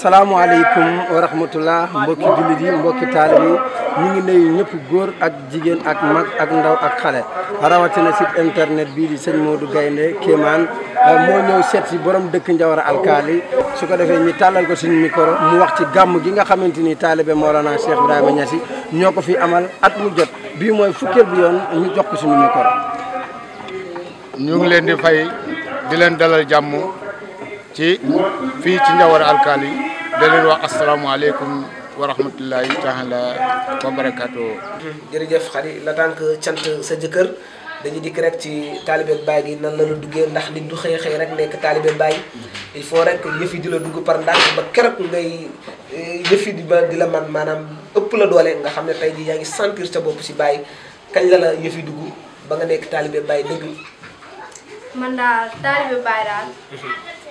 Assalamualaikum wa rahmatullah mbokki jullit yi mbokki taalibe yi ngi nuyu ñepp goor ak jigen ak mag ak ndaw ak rawati na site internet bi di sëñ Modou Gaynde keman euh, mo ñew set si borom dekk Njawara alkali su ko defé ñi talal ko suñu micro mu wax ci gam gi nga xamanteni talibé taalibe Cheikh Ibrahima niassi ñoko fi amal at mu jot bi moy fukel bu yoon ñu jox ko suñu micro. ñu ngi leen di fay di leen dalal jamm ci fi ci Njawara alkali da leen wax asalaamaaleykum wa rahmatullahi taala wa barakaatu. jërëjëf xarit la tànk cant sa jëkkër dañu dikk rek ci taalibe baay gi nan la duggee ndax nit du xëy xëy rek nekk taalibe baay il faut rek yëf yi di la dugg par ndànk ba keroog ngay eh, yëf yi di ba di la man maanaam ëpp la doole nga xam ne tey jii yaa ngi sentir sa bopp si baay kañ la la yëf yi dugg ba nga nekk taalibe baay dëgg. man daal taalibe baay daal. Mhm.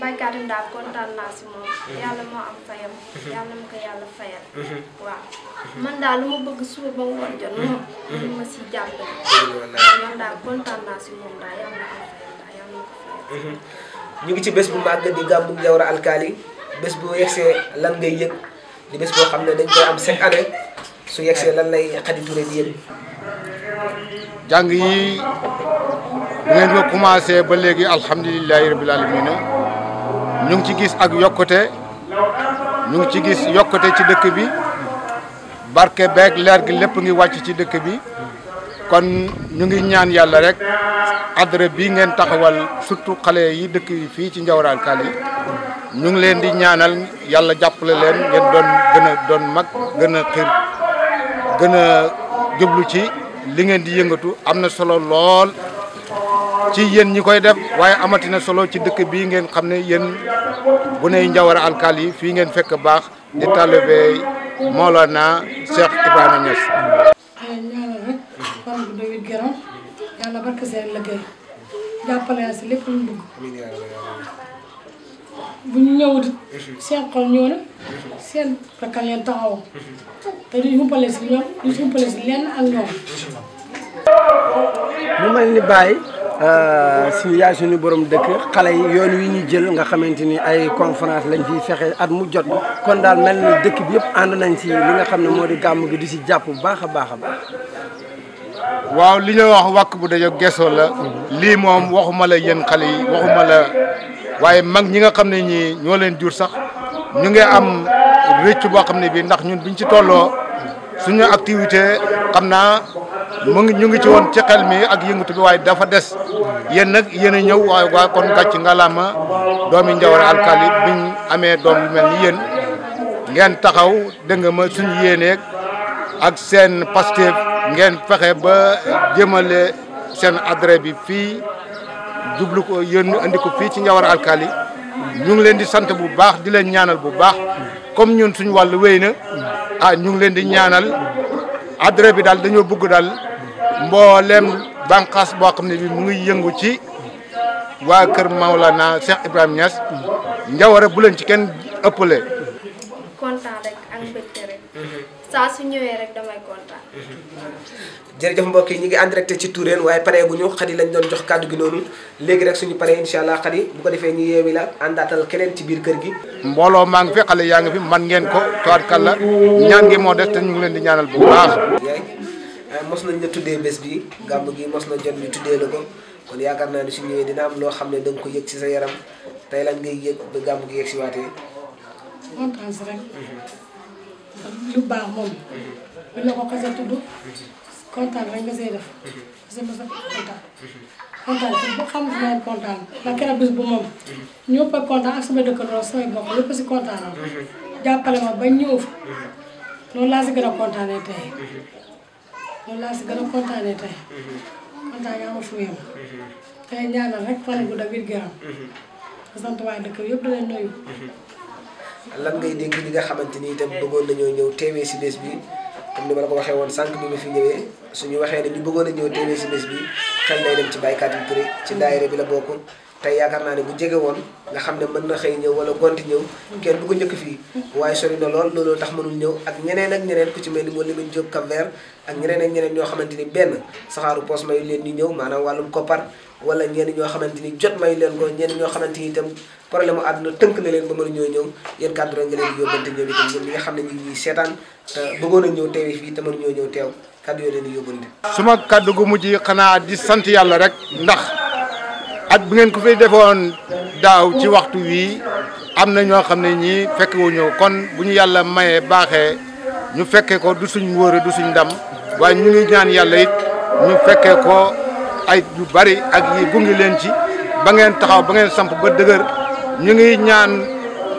baykat yi daal kontaan naa si am fayam. yàlla ma ko yàlla fayal. waaw man daal lu bëgg suba ba ngoon jot moom. ma si jàppale. man daal ñu ngi ci bu di gàmmu Jawhara alkali bés bu yegsee lan ngay di bés boo dañ koy am cinq année su yegsee lan lay di yëg. jàng yi ngeen ko commencé ba ñu ngi ci gis ak yokkute ñu ngi ci gis yokkute ci dëkk bi barke beeg leer gi lépp ngi wàcc ci dëkk bi kon ñu ngi ñaan yàlla rek adre bi ngeen taxawal surtout xale yi dëkk yi fii ci Njawraal Kaal yi ñu ngi leen di ñaanal yàlla jàppale leen ngeen doon gën a doon mag gën a xir gën a jublu ci li ngeen di yëngatu am na solo lool ci yéen ñi koy def waaye amatina solo ci dëkk bi ngeen xam ne yéen bu ney Njawara alkaal yi fii ngeen fekk baax di talibé Mawlana Cheikh Ibrahima Niass. ay ñaanal bi doyul gërëm yàlla barke na si bu ñu ñëwut seen xol ñëw na seen rakkan leen taxawoo te duñ xumpale si ñoom duñ xumpale si lenn ak mu mel ni Baye. Euh, si yaay suñu borom dëkk xale yi yoon wi ñu jël nga xamante ni ay conférence lañ fiy fexe at mu jot kon daal mel ni dëkk bi yëpp ànd nañ si li nga xam ne moo di gàmm gi di si jàpp bu baax a baax waaw li ñuy wax wàkk bu dajo gesoo la mhm. lii moom waxuma la yéen xale yi waxuma la waaye mag ñi nga xam ne ñi ñoo leen jur sax ñu ngi am rëcc boo xam ne bi ndax ñun biñ ci tolloo suñu activité xam naa mu ngi ñu ngi ci woon ci xel mi ak yëngatu bi waaye dafa des yéen nag yéen a ñëw waaye waa kon gàcc nga lama doomi Ndiawar alkali biñ amee doom yu mel ni yéen ngeen taxaw dégg ma suñu yéeneeg ak seen Pastef ngeen fexe ba jëmale seen adresse bi fii jublu ko yéen andi ko fii ci Ndiawar alkaali ñu ngi leen di sant bu baax di leen ñaanal bu baax comme ñun suñu wàllu wéy na ah ñu ngi leen di ñaanal adresse bi daal dañoo bëgg daal mbollem bankas bo xam bi mu ngi yëngu ci wa kër maulana Cheikh Ibrahima Niass njawara bu len ci ken ëppale content rek ak mbégte rek saa su ñëwee rek damay content kontaan jërëjëf mbokk yi ñi ngi and rek ci Tourène waye paré guñu xadi lañ doon jox cadeau gi nonu légui rek suñu paré inshallah xadi bu ko defee ñi yeewi la andatal keneen ci biir kër gi mbolo ma ngi fi xalé ya nga fi man ngeen ko toitkal la ñangi mo def te ñu ngi leen di ñaanal bu baax Euh, mos nañ la tuddee bés bi gàmb gi mos na jot ñu tuddee la ko kon yaakaar naa ne su ñëwee dina am loo xam ne da nga ko yëg ci sa yaram tey lan ngay yëg ba gàmb gi yëg si waatee. kontaan rek. Mhm. lu baax moom. bu mhm. la ko xasee tudd. Mhm. kontaan rek nga see def. parce que mos a kontaan. kontaan bu xam si nawet kontaan la keroog bés bu moom. ñëpp a kontaan ak sama dëkkandoo samay bokk lépp si kontaan jàppale ma ba ñëw fa. loolu laa si gën a kontaanee tey. loolu laa si gën a kontaanee tey. Mm-hmm. kontaan yaa ma fu yem. Mm-hmm. tey ñaanal rek fan bu David Garam. sant waa dëkk yëpp da leen mm-hmm. lan ngay dégg ñi nga xamante ni itam eh. bëggoon nañoo ñëw teewee si bés bi comme ni ma la ko waxee woon sànq bi suñu waxee ne ñu bëggoon a ñëw teewee si bés bi xel day ci baykat yi ci daayira bi la bokk. tey yaakaar naa ne bu jege woon nga xam ne mën na xëy ñëw wala gonti ñëw kenn du ko fii waaye sori na lool looloo tax mënul ñëw ak ñeneen ak ñeneen ku ci mel ni moo limin ni benn saxaaru poos mayu leen ñu ñëw maanaam wàllum koppar wala ñenn ñoo xamante jot mayu leen ko ñenn ñoo xamante itam problème àdduna tënk na leen ba mën a ñoo ñëw yéen kàddu rek nga leen di yóbbante ñoom itam ñoom ñi nga xam ne ñu ngi seetaan te bëggoon a ñëw teewi ñëw teew kàddu yoo leen di yóbbante suma kàddu gu mujj xanaa di sant yàlla rek ndax at bi ngeen ko fi defoon daaw ci waxtu wii am na ñoo xam ne ñii fekke wu ñëw kon bu ñu yàlla mayee baaxee ñu fekkee ko du suñ wóore du suñ ndam waaye ñu ngi ñaan yàlla it ñu fekkee ko ay yu bari ak yi gungi leen ci ba ngeen taxaw ba ngeen samp ba dëgër ñu ngi ñaan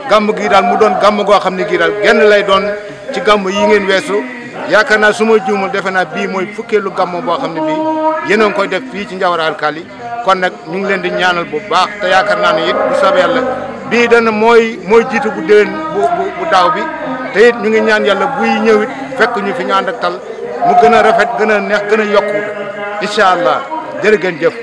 gàmm gii daal mu doon gàmm goo xam ne gii daal genn lay doon ci gàmm yi ngeen weesu yaakaar naa suma ma juumul defe naa bii mooy fukkeelu gàmm boo xam ne bii yéen a koy def fii ci Njawar Alkaali kon nag ñu ngi leen di ñaanal bu baax te yaakaar naa ne it bu soobee yàlla bii dana mooy mooy jiitu bu bu bu daaw bi te it ñu ngi ñaan yàlla buy ñëw it fekk ñu fi ñu ànd ak tal mu gën a rafet gën a neex gën a yokku incha allah jër gën jëf.